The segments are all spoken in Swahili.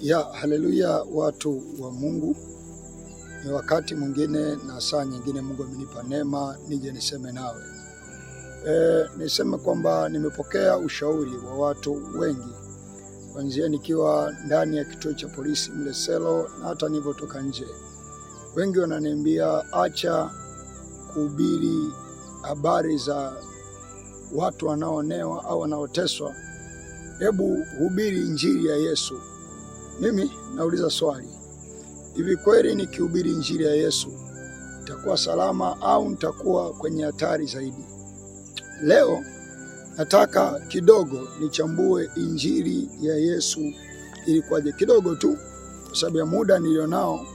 Ya, haleluya watu wa Mungu. Ni wakati mwingine na saa nyingine Mungu amenipa neema nije niseme nawe. E, niseme kwamba nimepokea ushauri wa watu wengi kwanzia nikiwa ndani ya kituo cha polisi mle selo na hata nilivyotoka nje. Wengi wananiambia acha kuhubiri habari za watu wanaoonewa au wanaoteswa, hebu hubiri injili ya Yesu. Mimi nauliza swali, hivi kweli nikihubiri injili ya Yesu nitakuwa salama au nitakuwa kwenye hatari zaidi? Leo nataka kidogo nichambue injili ya Yesu ilikuwaje, kidogo tu, kwa sababu ya muda nilionao.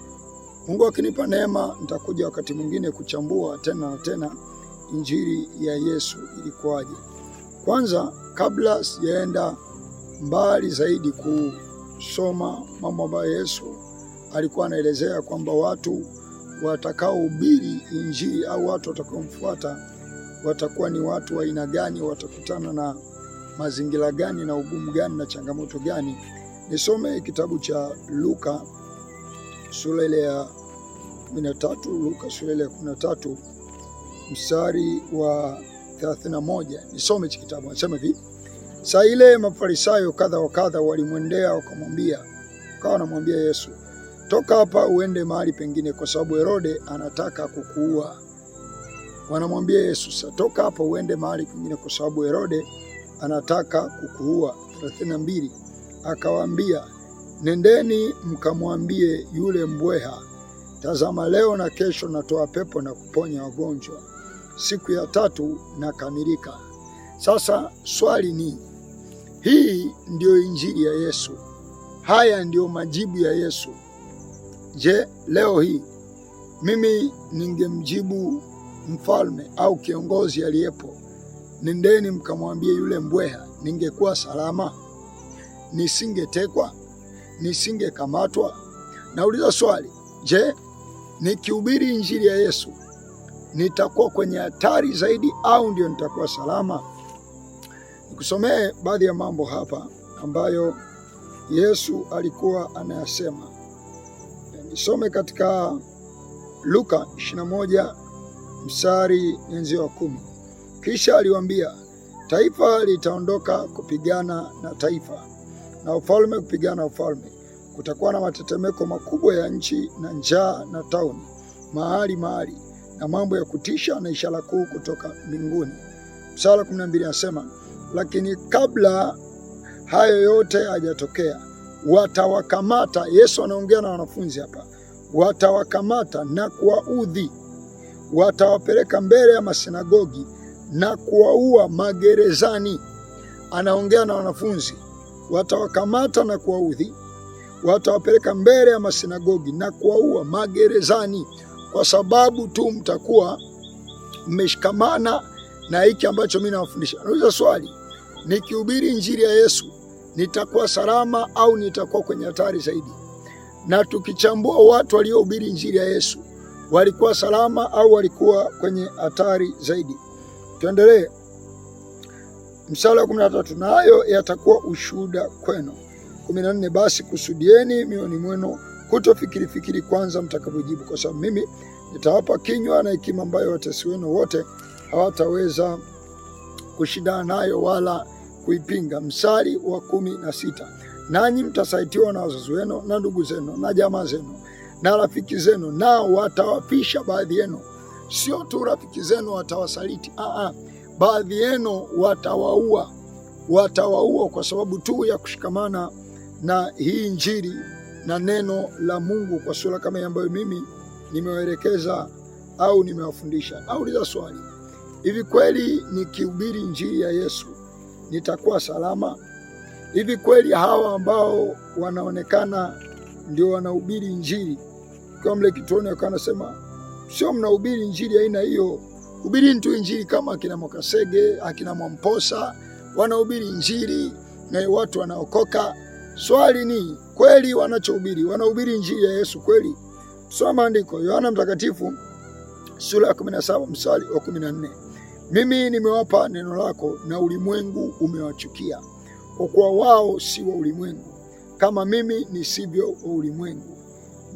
Mungu akinipa neema, nitakuja wakati mwingine kuchambua tena na tena injili ya Yesu ilikuwaje. Kwanza, kabla sijaenda mbali zaidi kuu soma mambo ambayo Yesu alikuwa anaelezea kwamba watu watakaohubiri Injili au watu watakaomfuata watakuwa ni watu wa aina gani, watakutana na mazingira gani na ugumu gani na changamoto gani. Nisome kitabu cha Luka sura ile ya 13, Luka sura ile ya 13 mstari wa 31. Nisome hiki kitabu, anasema hivi: Saa ile Mafarisayo kadha wa kadha walimwendea wakamwambia, kawa namwambia Yesu, toka hapa uende mahali pengine, kwa sababu Herode anataka kukuua. Wanamwambia Yesu, sa toka hapa uende mahali pengine, kwa sababu Herode anataka kukuua. 32 Akawaambia, nendeni mkamwambie yule mbweha, tazama, leo na kesho natoa pepo na kuponya wagonjwa, siku ya tatu nakamilika. Sasa swali ni hii ndiyo injili ya Yesu. Haya ndiyo majibu ya Yesu. Je, leo hii mimi ningemjibu mfalme au kiongozi aliyepo, nendeni mkamwambie yule mbweha, ningekuwa salama? Nisingetekwa? Nisingekamatwa? Nauliza swali, je, nikihubiri injili ya Yesu nitakuwa kwenye hatari zaidi au ndio nitakuwa salama? Nikusomee baadhi ya mambo hapa ambayo Yesu alikuwa anayasema. Nisome katika Luka 21 mstari nzio wa kumi. Kisha aliwambia taifa litaondoka kupigana na taifa na ufalme kupigana ufalme. Kutakuwa na matetemeko makubwa ya nchi na njaa na tauni mahali mahali, na mambo ya kutisha na ishara kuu kutoka mbinguni. Mstari 12 anasema lakini kabla hayo yote hajatokea, watawakamata. Yesu anaongea na wanafunzi hapa, watawakamata na kuwaudhi, watawapeleka mbele ya masinagogi na kuwaua magerezani. Anaongea na wanafunzi, watawakamata na kuwaudhi, watawapeleka mbele ya masinagogi na kuwaua magerezani, kwa sababu tu mtakuwa mmeshikamana na hiki ambacho mimi nawafundisha. Anauliza swali nikihubiri injili ya Yesu nitakuwa salama au nitakuwa kwenye hatari zaidi? Na tukichambua watu waliohubiri injili ya Yesu walikuwa salama au walikuwa kwenye hatari zaidi? Tuendelee mstari wa 13, nayo yatakuwa ushuhuda kwenu. 14, basi kusudieni mioni mwenu kutofikiri fikiri kwanza mtakapojibu, kwa sababu mimi nitawapa kinywa na hekima ambayo watesi wenu wote hawataweza kushindana nayo wala kuipinga. Mstari wa kumi na sita nanyi mtasaitiwa na wazazi wenu na ndugu zenu na jamaa zenu na rafiki zenu, nao watawafisha baadhi yenu. Sio tu rafiki zenu watawasaliti, aa, baadhi yenu watawaua, watawaua kwa sababu tu ya kushikamana na hii Injili na neno la Mungu kwa sura kama ambayo mimi nimewaelekeza au nimewafundisha. auliza swali Hivi kweli nikihubiri injili ya Yesu nitakuwa salama? Hivi kweli hawa ambao wanaonekana ndio wanahubiri injili kwa mle kitoni, akawa anasema sio, mnahubiri injili aina hiyo, hubirini tu injili kama akina Mwakasege, akina Mwamposa wanahubiri injili na watu wanaokoka. Swali ni kweli, wanachohubiri wanahubiri injili ya Yesu kweli? Soma maandiko, Yohana Mtakatifu sura ya 17 mstari wa 14. Mimi nimewapa neno lako na ulimwengu umewachukia, kwa kuwa wao si wa ulimwengu kama mimi nisivyo wa ulimwengu.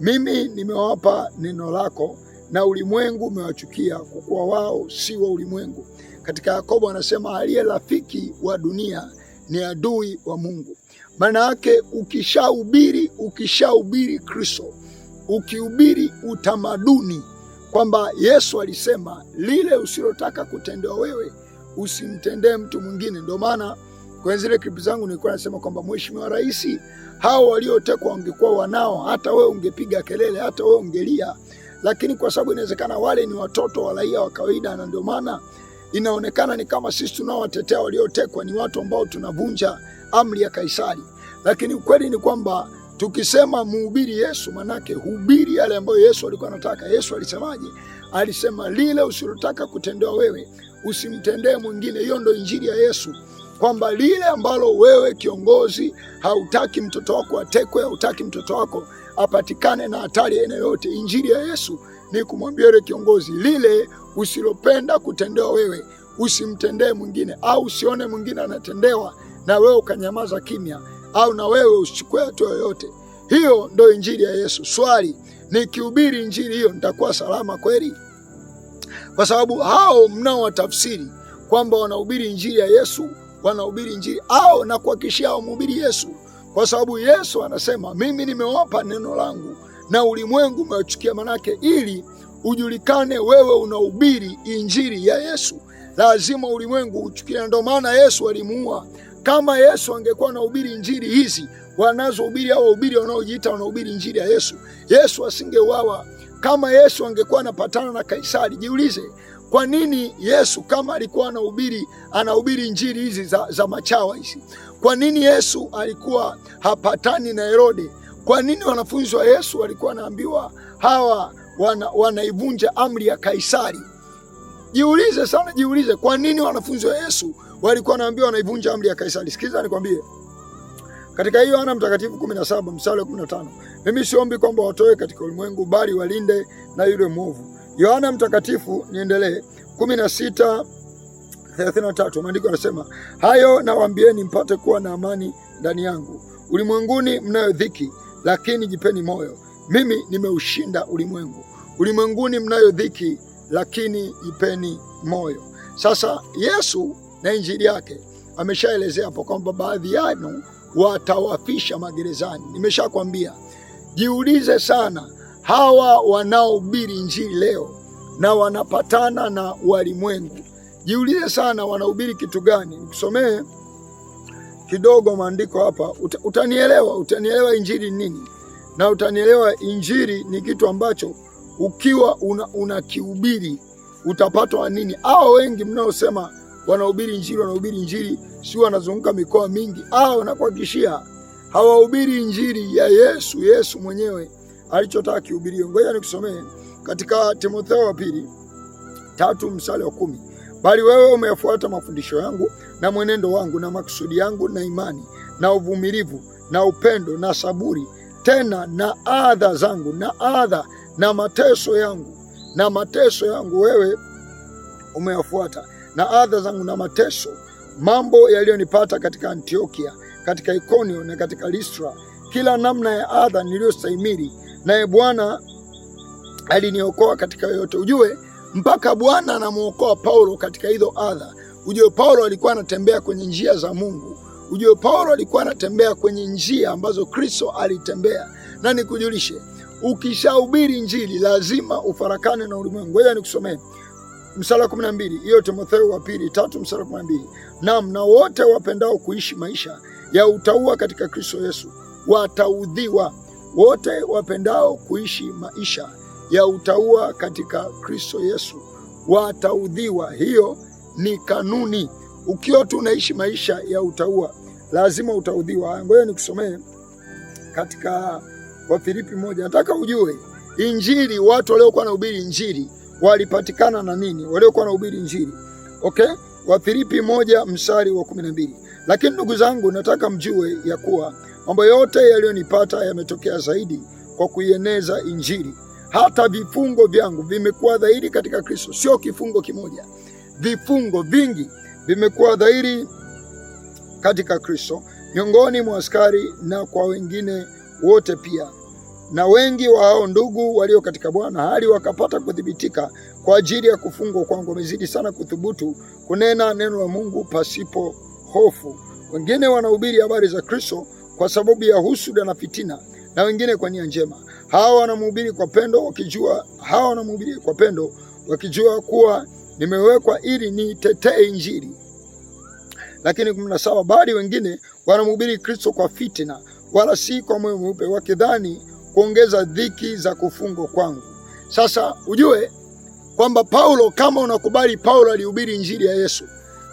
Mimi nimewapa neno lako na ulimwengu umewachukia, kwa kuwa wao si wa ulimwengu. Katika Yakobo anasema aliye rafiki wa dunia ni adui wa Mungu. Maana yake ukishahubiri, ukishahubiri Kristo, ukihubiri utamaduni kwamba Yesu alisema lile usilotaka kutendewa wewe usimtendee mtu mwingine. Ndio maana kwenye zile klipu zangu nilikuwa nasema kwamba Mheshimiwa Rais, hao waliotekwa wangekuwa wanao, hata wewe ungepiga kelele, hata wewe ungelia, lakini kwa sababu inawezekana wale ni watoto wa raia wa kawaida, na ndio maana inaonekana ni kama sisi tunaowatetea waliotekwa ni watu ambao tunavunja amri ya Kaisari, lakini ukweli ni kwamba Tukisema muhubiri Yesu, manake hubiri yale ambayo Yesu alikuwa anataka. Yesu alisemaje? Alisema lile usilotaka kutendewa wewe usimtendee mwingine. Hiyo ndo injili ya Yesu, kwamba lile ambalo wewe kiongozi hautaki mtoto wako atekwe, hautaki mtoto wako apatikane na hatari aina yoyote, injili ya Yesu ni kumwambia yule kiongozi, lile usilopenda kutendewa wewe usimtendee mwingine, au usione mwingine anatendewa na wewe ukanyamaza kimya au na wewe usichukue hatua yoyote. Hiyo ndo injili ya Yesu. Swali, nikihubiri injili hiyo nitakuwa salama kweli? Kwa sababu hao watafsiri kwamba wanahubiri injili ya Yesu, wanahubiri injili au na kuhakikishia wamhubiri Yesu, kwa sababu Yesu anasema mimi nimewapa neno langu na ulimwengu umewachukia, manake ili ujulikane wewe unahubiri injili ya Yesu lazima ulimwengu uchukie, na ndio maana Yesu alimuua kama Yesu angekuwa anahubiri injili hizi wanazohubiri au wahubiri wanaojiita wanahubiri injili ya Yesu, Yesu asingeuawa. Kama Yesu angekuwa anapatana na Kaisari, jiulize kwa nini Yesu kama alikuwa anahubiri anahubiri injili hizi za, za machawa hizi? Kwa nini Yesu alikuwa hapatani na Herode? Kwa nini wanafunzi wa Yesu walikuwa wanaambiwa hawa wana, wanaivunja amri ya Kaisari? Jiulize sana, jiulize kwa nini wanafunzi wa Yesu walikuwa naambiwa wanaivunja amri ya Kaisari. Sikiza nikwambie, katika hiyo Yohana Mtakatifu 17 mstari wa 15, mimi siombi kwamba watoe katika ulimwengu, bali walinde na yule mwovu. Yohana Mtakatifu, niendelee 16 33, maandiko yanasema hayo nawaambieni mpate kuwa na amani ndani yangu. Ulimwenguni mnayo dhiki, lakini jipeni moyo, mimi nimeushinda ulimwengu. Ulimwenguni mnayo dhiki, lakini jipeni moyo. Sasa Yesu na injili yake. Ameshaelezea hapo kwamba baadhi yenu watawafisha magerezani. Nimeshakwambia, jiulize sana, hawa wanaohubiri injili leo na wanapatana na walimwengu, jiulize sana, wanahubiri kitu gani? Nikusomee kidogo maandiko hapa, utanielewa, utanielewa injili nini, na utanielewa injili ni kitu ambacho ukiwa una, una utapatwa nini? Hawa wengi mnaosema wanahubiri injili, wanahubiri injili, si wanazunguka mikoa mingi. Ah, wanakuhakikishia hawahubiri injili ya Yesu, Yesu mwenyewe alichotaka kihubirio. Ngoja nikusomee katika Timotheo wa pili tatu msale wa kumi bali wewe umeyafuata mafundisho yangu na mwenendo wangu na makusudi yangu na imani na uvumilivu na upendo na saburi, tena na adha zangu na adha na mateso yangu na mateso yangu wewe umeyafuata na adha zangu na mateso, mambo yaliyonipata katika Antiokia, katika Ikonio na katika Listra, kila namna ya adha niliyostahimili, naye Bwana aliniokoa katika yote. Ujue mpaka Bwana anamwokoa Paulo katika hizo adha. Ujue Paulo alikuwa anatembea kwenye njia za Mungu. Ujue Paulo alikuwa anatembea kwenye njia ambazo Kristo alitembea. Na nikujulishe, ukishahubiri Injili lazima ufarakane na ulimwengu. Ngoja nikusomee mstari wa 12. Hiyo Timotheo wa pili tatu mstari wa 12. Naam, na wote wapendao kuishi maisha ya utauwa katika Kristo Yesu wataudhiwa. Wote wapendao kuishi maisha ya utauwa katika Kristo Yesu wataudhiwa. Hiyo ni kanuni. Ukiwa tu unaishi maisha ya utauwa lazima utaudhiwa. Ngoja nikusomee katika Wafilipi moja, nataka ujue injili, watu waliokuwa na ubiri injili walipatikana na nini? Waliokuwa wanahubiri Injili. Okay? Wafilipi moja mstari wa kumi na mbili. Lakini ndugu zangu, nataka mjue ya kuwa mambo yote yaliyonipata yametokea zaidi kwa kuieneza Injili, hata vifungo vyangu vimekuwa dhahiri katika Kristo. Sio kifungo kimoja, vifungo vingi vimekuwa dhahiri katika Kristo, miongoni mwa askari na kwa wengine wote pia na wengi wa hao ndugu walio katika Bwana hali wakapata kudhibitika kwa ajili ya kufungwa kwangu, wamezidi sana kuthubutu kunena neno la Mungu pasipo hofu. Wengine wanahubiri habari za Kristo kwa sababu ya husuda na fitina, na wengine kwa nia njema. Hawa wanamhubiri kwa pendo wakijua, hawa wanamhubiri kwa pendo wakijua kuwa nimewekwa ili nitetee Injili. Lakini kumi na saba, bali wengine wanamhubiri Kristo kwa fitina, wala si kwa moyo mweupe, wakidhani kuongeza dhiki za kufungwa kwangu. Sasa ujue kwamba Paulo, kama unakubali Paulo alihubiri injili ya Yesu,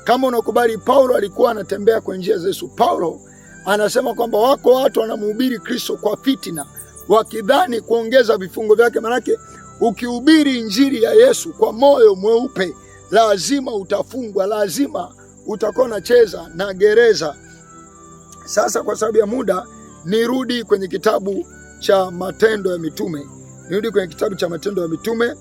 kama unakubali Paulo alikuwa anatembea kwa njia za Yesu. Paulo anasema kwamba wako watu wanamhubiri Kristo kwa fitina, wakidhani kuongeza vifungo vyake. Manake ukihubiri injili ya Yesu kwa moyo mweupe, lazima utafungwa, lazima utakuwa unacheza na gereza. Sasa kwa sababu ya muda, nirudi kwenye kitabu cha Matendo ya Mitume. Nirudi kwenye kitabu cha Matendo ya Mitume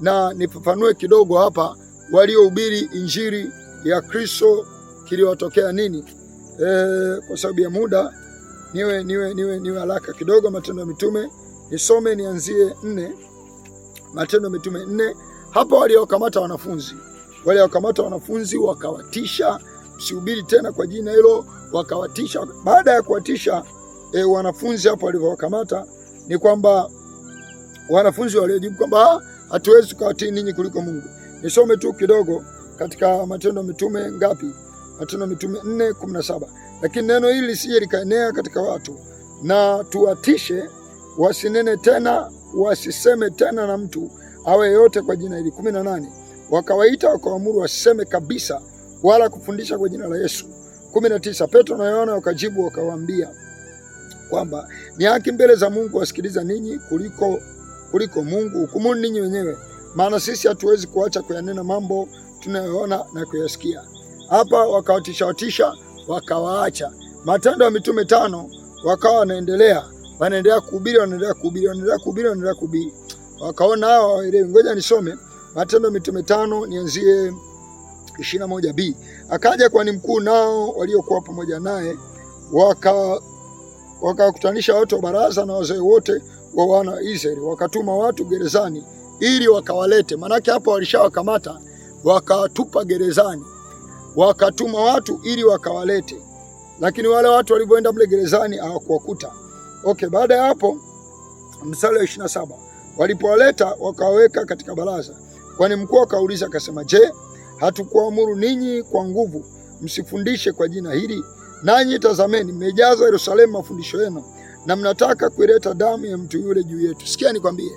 na nifafanue kidogo hapa, waliohubiri injili ya Kristo kiliwatokea nini? E, kwa sababu ya muda niwe niwe niwe niwe haraka kidogo. Matendo ya Mitume nisome, nianzie nne. Matendo ya Mitume nne. Hapa waliokamata wanafunzi, waliokamata wanafunzi wakawatisha, msihubiri tena kwa jina hilo. Wakawatisha, baada ya kuwatisha e, wanafunzi hapo walivyowakamata ni kwamba wanafunzi waliojibu kwamba ah, hatuwezi kuwatii ninyi kuliko Mungu. Nisome tu kidogo katika Matendo Mitume ngapi? Matendo Mitume 4:17 lakini neno hili lisije likaenea katika watu, na tuwatishe wasinene tena, wasiseme tena na mtu awe yote kwa jina hili. nane wakawaita wakawaamuru wasiseme kabisa wala kufundisha kwa jina la Yesu. 19 Petro na Yohana wakajibu wakawaambia kwamba ni haki mbele za Mungu wasikiliza ninyi kuliko, kuliko Mungu hukumuni ninyi wenyewe, maana sisi hatuwezi kuacha kuyanena mambo tunayoona na kuyasikia. Hapa wakawatisha watisha, wakawaacha. Matendo ya Mitume tano, wakawa wanaendelea wanaendelea kuhubiri wanaendelea kuhubiri wanaendelea kuhubiri wanaendelea kuhubiri, wakaona hawa waelewi. Ngoja nisome Matendo ya Mitume tano, nianzie 21b. Akaja kwani mkuu nao waliokuwa pamoja naye waka wakawakutanisha watu wa baraza na wazee wote wa wana wa Israeli, wakatuma watu gerezani ili wakawalete. Maanake hapo walishawakamata wakawatupa gerezani, wakatuma watu ili wakawalete, lakini wale watu walivyoenda mle gerezani hawakuwakuta. Okay, baada ya hapo, mstari wa saba walipowaleta wakawaweka katika baraza, kwani mkuu akauliza akasema, je, hatukuamuru ninyi kwa nguvu msifundishe kwa jina hili? Nanyi tazameni, mmejaza Yerusalemu mafundisho yenu, na mnataka kuileta damu ya mtu yule juu yetu. Sikia nikwambie,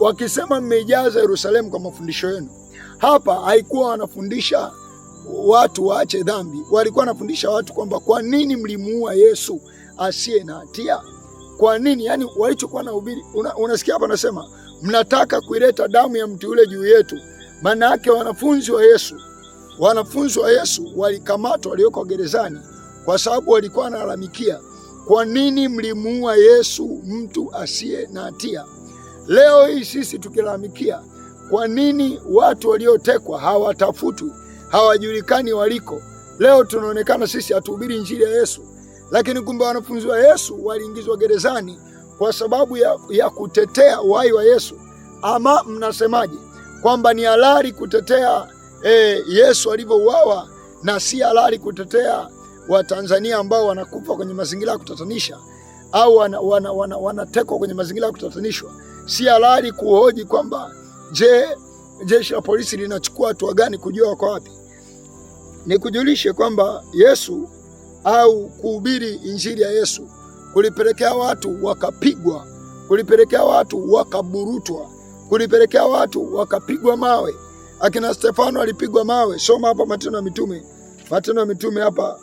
wakisema mmejaza Yerusalemu kwa mafundisho yenu, hapa haikuwa wanafundisha watu waache dhambi, walikuwa wanafundisha watu kwamba kwa nini mlimuua Yesu asiye na hatia? Kwa nini? Yani walichokuwa na hubiri, unasikia hapa nasema mnataka kuileta damu ya mtu yule juu yetu. Maana yake wanafunzi wa Yesu, wanafunzi wa Yesu walikamatwa, walioko gerezani kwa sababu walikuwa wanalalamikia, kwa nini mlimuua Yesu mtu asiye na hatia? Leo hii sisi tukilalamikia, kwa nini watu waliotekwa hawatafutwi, hawajulikani waliko? Leo tunaonekana sisi hatuhubiri injili ya Yesu, lakini kumbe wanafunzi wa Yesu waliingizwa gerezani kwa sababu ya, ya kutetea uhai wa Yesu. Ama mnasemaje kwamba ni halali kutetea eh, Yesu alivyouawa na si halali kutetea Watanzania ambao wanakufa kwenye mazingira ya kutatanisha au wanatekwa wana, wana, wana kwenye mazingira ya kutatanishwa, si halali kuhoji kwamba je, jeshi la polisi linachukua hatua gani kujua wako wapi? Nikujulishe kwamba Yesu au kuhubiri injili ya Yesu kulipelekea watu wakapigwa, kulipelekea watu wakaburutwa, kulipelekea watu wakapigwa mawe. Akina Stefano alipigwa mawe. Soma hapa Matendo ya Mitume, Matendo ya Mitume hapa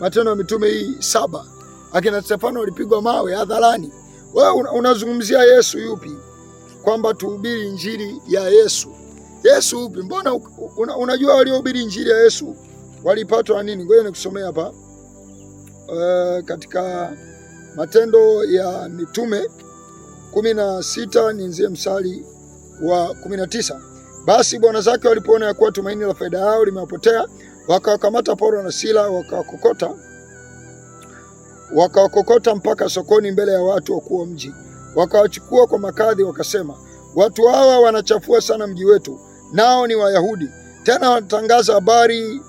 Matendo ya Mitume hii saba, akina Stefano walipigwa mawe hadharani. Wewe unazungumzia Yesu yupi? Kwamba tuhubiri injili ya Yesu. Yesu upi? Mbona una, unajua waliohubiri injili ya Yesu walipatwa na nini? Ngoja nikusomea hapa uh, katika Matendo ya Mitume kumi na sita nianzie msali wa kumi na tisa. Basi bwana zake walipoona ya kuwa tumaini la faida yao limewapotea, Wakawakamata Paulo na Sila wakawakokota, wakawakokota mpaka sokoni mbele ya watu wakuu wa mji, wakawachukua kwa makadhi, wakasema, watu hawa wanachafua sana mji wetu, nao ni Wayahudi, tena wanatangaza habari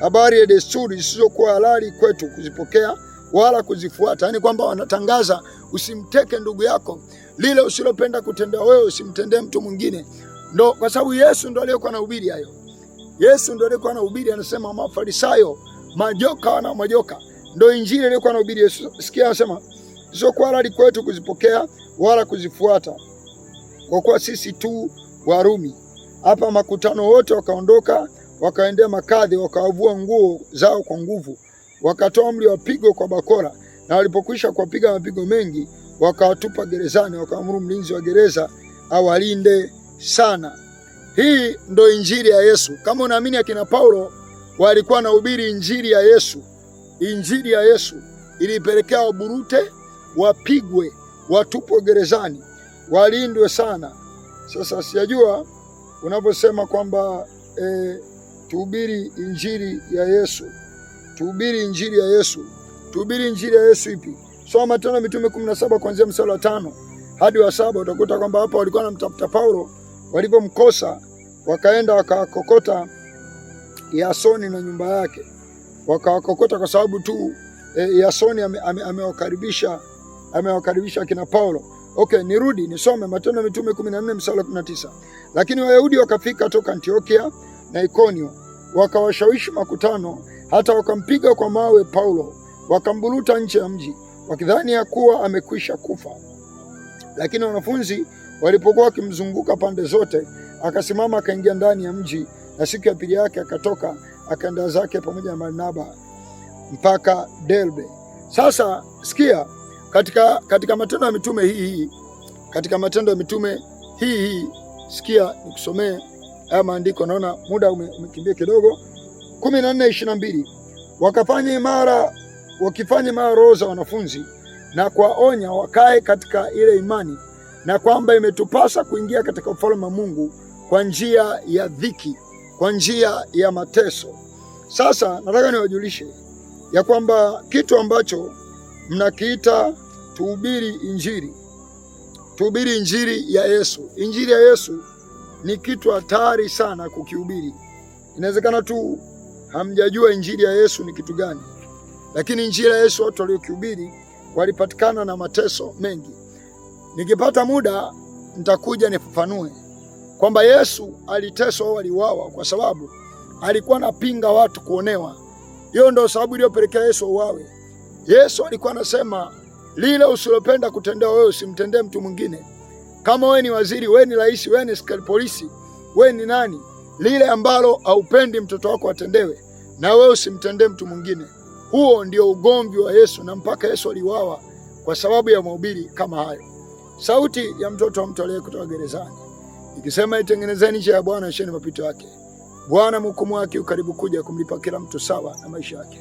habari ya desturi zisizokuwa halali kwetu kuzipokea wala kuzifuata. Yaani kwamba wanatangaza usimteke ndugu yako, lile usilopenda kutendea wewe usimtendee mtu mwingine, ndo kwa sababu Yesu ndo aliyokuwa anahubiri hayo. Yesu ndio alikuwa anahubiri, anasema Mafarisayo majoka wana majoka. Ndio injili aliyokuwa anahubiri Yesu. Sikia anasema sio kwa halali kwetu kuzipokea wala kuzifuata, kwa kuwa sisi tu Warumi. Hapa makutano wote wakaondoka, wakaendea makadhi, wakawavua nguo zao kwa nguvu, wakatoa amri wapigo kwa bakora, na walipokwisha kuwapiga mapigo mengi, wakawatupa gerezani, wakaamuru mlinzi wa gereza awalinde sana. Hii ndo injili ya Yesu. Kama unaamini akina Paulo walikuwa wanahubiri injili ya Yesu, injili ya Yesu ilipelekea waburute, wapigwe, watupwe gerezani, walindwe sana. Sasa sijajua unavyosema kwamba e, tuhubiri injili ya Yesu, tuhubiri injili ya Yesu, tuhubiri injili ya Yesu ipi? Soma Matendo ya Mitume 17 kuanzia mstari wa tano hadi wa saba, utakuta kwamba hapa walikuwa wanamtafuta Paulo Walivyomkosa wakaenda wakawakokota Yasoni na nyumba yake, wakawakokota kwa sababu tu e, Yasoni amewakaribisha ame, ame amewakaribisha akina Paulo. Okay, nirudi nisome Matendo ya Mitume 14 mstari 19. Lakini Wayahudi wakafika toka Antiokia na Ikonio, wakawashawishi makutano, hata wakampiga kwa mawe Paulo, wakamburuta nje ya mji, wakidhani ya kuwa amekwisha kufa. Lakini wanafunzi Walipokuwa wakimzunguka pande zote, akasimama akaingia ndani ya mji, na siku ya pili yake akatoka akaenda zake pamoja na Barnaba mpaka Derbe. Sasa sikia, katika, katika Matendo ya Mitume hii hii, katika Matendo ya Mitume hii hii, sikia nikusomee haya maandiko. Naona muda umekimbia kidogo. kumi na nne ishirini na mbili wakafanya imara wakifanya imara roho za wanafunzi na kuwaonya wakae katika ile imani na kwamba imetupasa kuingia katika ufalme wa Mungu kwa njia ya dhiki, kwa njia ya mateso. Sasa nataka niwajulishe ya kwamba kitu ambacho mnakiita tuhubiri Injili, tuhubiri Injili ya Yesu. Injili ya Yesu ni kitu hatari sana kukihubiri. Inawezekana tu hamjajua Injili ya Yesu ni kitu gani, lakini Injili ya Yesu watu waliokihubiri walipatikana na mateso mengi. Nikipata muda nitakuja nifafanue kwamba Yesu aliteswa au aliuawa kwa sababu alikuwa anapinga watu kuonewa. Hiyo ndio sababu iliyopelekea Yesu auawe. Yesu alikuwa anasema lile usilopenda kutendewa wewe usimtendee mtu mwingine. Kama wewe ni waziri, wewe ni rais, wewe ni askari polisi, wewe ni nani, lile ambalo haupendi mtoto wako atendewe, na wewe usimtendee mtu mwingine. Huo ndio ugomvi wa Yesu, na mpaka Yesu aliuawa kwa sababu ya mahubiri kama hayo sauti ya mtoto wa mtu kutoka gerezani ikisema, itengenezeni njia ya Bwana, sheni mapito yake. Bwana mhukumu wake ukaribu kuja, kumlipa kila mtu sawa na maisha yake.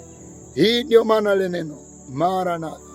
Hii ndiyo maana ile neno mara maranatha